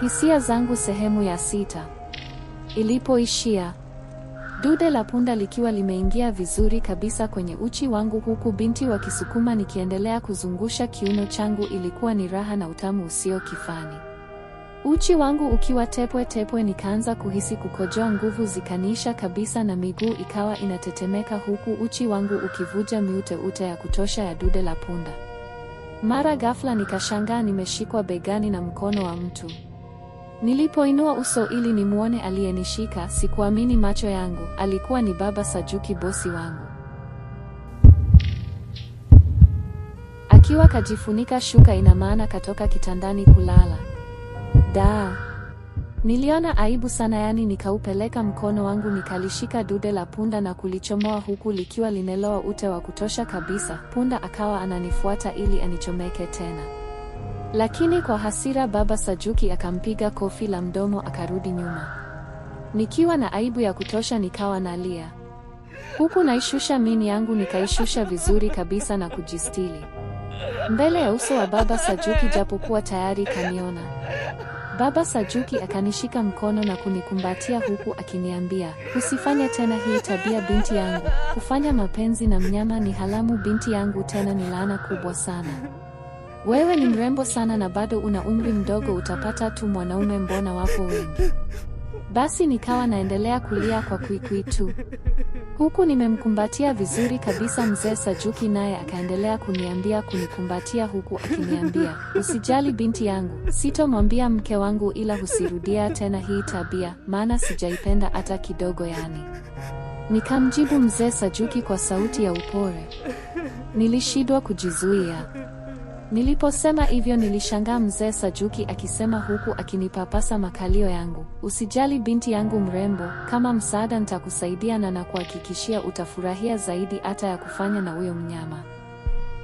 Hisia zangu sehemu ya sita. Ilipoishia, dude la punda likiwa limeingia vizuri kabisa kwenye uchi wangu huku binti wa Kisukuma nikiendelea kuzungusha kiuno changu. Ilikuwa ni raha na utamu usio kifani. Uchi wangu ukiwa tepwe tepwe, nikaanza kuhisi kukojoa, nguvu zikaniisha kabisa na miguu ikawa inatetemeka huku uchi wangu ukivuja miute ute ya kutosha ya dude la punda. Mara ghafla nikashangaa nimeshikwa begani na mkono wa mtu. Nilipoinua uso ili nimwone aliyenishika, sikuamini macho yangu. Alikuwa ni Baba Sajuki, bosi wangu, akiwa kajifunika shuka, ina maana katoka kitandani kulala. da niliona aibu sana, yaani nikaupeleka mkono wangu nikalishika dude la punda na kulichomoa, huku likiwa lineloa ute wa kutosha kabisa. Punda akawa ananifuata ili anichomeke tena. Lakini kwa hasira baba Sajuki akampiga kofi la mdomo akarudi nyuma. Nikiwa na aibu ya kutosha nikawa nalia. Huku naishusha mini yangu nikaishusha vizuri kabisa na kujistili. Mbele ya uso wa baba Sajuki japokuwa tayari kaniona. Baba Sajuki akanishika mkono na kunikumbatia huku akiniambia, "Usifanye tena hii tabia binti yangu. Kufanya mapenzi na mnyama ni haramu binti yangu, tena ni laana kubwa sana." Wewe ni mrembo sana na bado una umri mdogo, utapata tu mwanaume, mbona wapo wengi. Basi nikawa naendelea kulia kwa kwikwi tu, huku nimemkumbatia vizuri kabisa mzee Sajuki, naye akaendelea kuniambia kunikumbatia, huku akiniambia usijali binti yangu, sitomwambia mke wangu, ila husirudia tena hii tabia, maana sijaipenda hata kidogo. Yani nikamjibu mzee Sajuki kwa sauti ya upore, nilishindwa kujizuia. Niliposema hivyo nilishangaa mzee Sajuki akisema huku akinipapasa makalio yangu, usijali binti yangu mrembo, kama msaada nitakusaidia na nakuhakikishia utafurahia zaidi hata ya kufanya na huyo mnyama.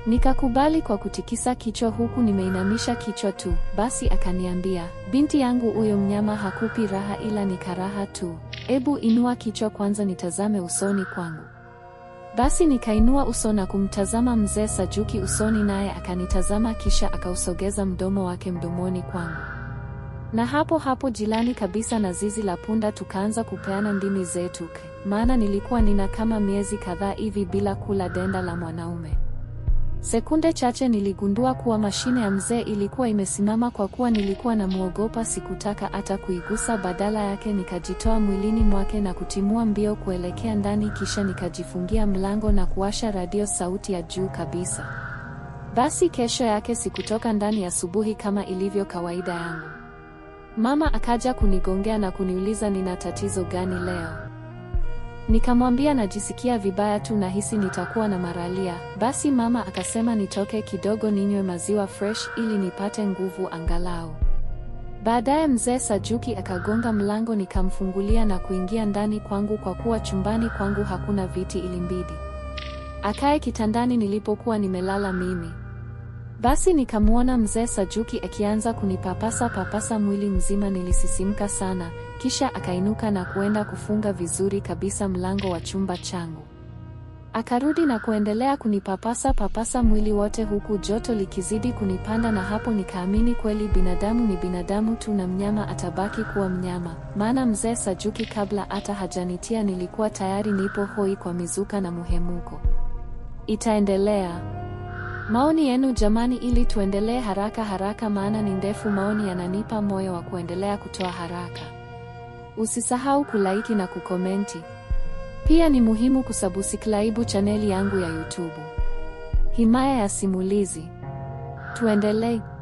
Nikakubali kwa kutikisa kichwa huku nimeinamisha kichwa tu. Basi akaniambia, binti yangu, huyo mnyama hakupi raha ila ni karaha tu. Ebu inua kichwa kwanza nitazame usoni kwangu. Basi nikainua uso na kumtazama mzee Sajuki usoni, naye akanitazama, kisha akausogeza mdomo wake mdomoni kwangu, na hapo hapo jirani kabisa na zizi la punda tukaanza kupeana ndimi zetu, maana nilikuwa nina kama miezi kadhaa hivi bila kula denda la mwanaume. Sekunde chache niligundua kuwa mashine ya mzee ilikuwa imesimama kwa kuwa nilikuwa namwogopa sikutaka hata kuigusa badala yake nikajitoa mwilini mwake na kutimua mbio kuelekea ndani kisha nikajifungia mlango na kuwasha radio sauti ya juu kabisa. Basi kesho yake sikutoka ndani asubuhi kama ilivyo kawaida yangu. Mama akaja kunigongea na kuniuliza nina tatizo gani leo. Nikamwambia najisikia vibaya tu, nahisi nitakuwa na maralia. Basi mama akasema nitoke kidogo ninywe maziwa fresh ili nipate nguvu angalau. Baadaye mzee Sajuki akagonga mlango, nikamfungulia na kuingia ndani kwangu, kwa kuwa chumbani kwangu hakuna viti, ilimbidi akae kitandani nilipokuwa nimelala mimi. Basi nikamwona mzee Sajuki akianza kunipapasa papasa mwili mzima, nilisisimka sana, kisha akainuka na kuenda kufunga vizuri kabisa mlango wa chumba changu. Akarudi na kuendelea kunipapasa papasa mwili wote huku joto likizidi kunipanda, na hapo nikaamini kweli binadamu ni binadamu tu na mnyama atabaki kuwa mnyama, maana mzee Sajuki kabla hata hajanitia nilikuwa tayari nipo hoi kwa mizuka na muhemuko. Itaendelea. Maoni yenu jamani, ili tuendelee haraka haraka, maana ni ndefu. Maoni yananipa moyo wa kuendelea kutoa haraka. Usisahau kulaiki na kukomenti, pia ni muhimu kusabusiklaibu chaneli yangu ya YouTube Himaya ya Simulizi. Tuendelee.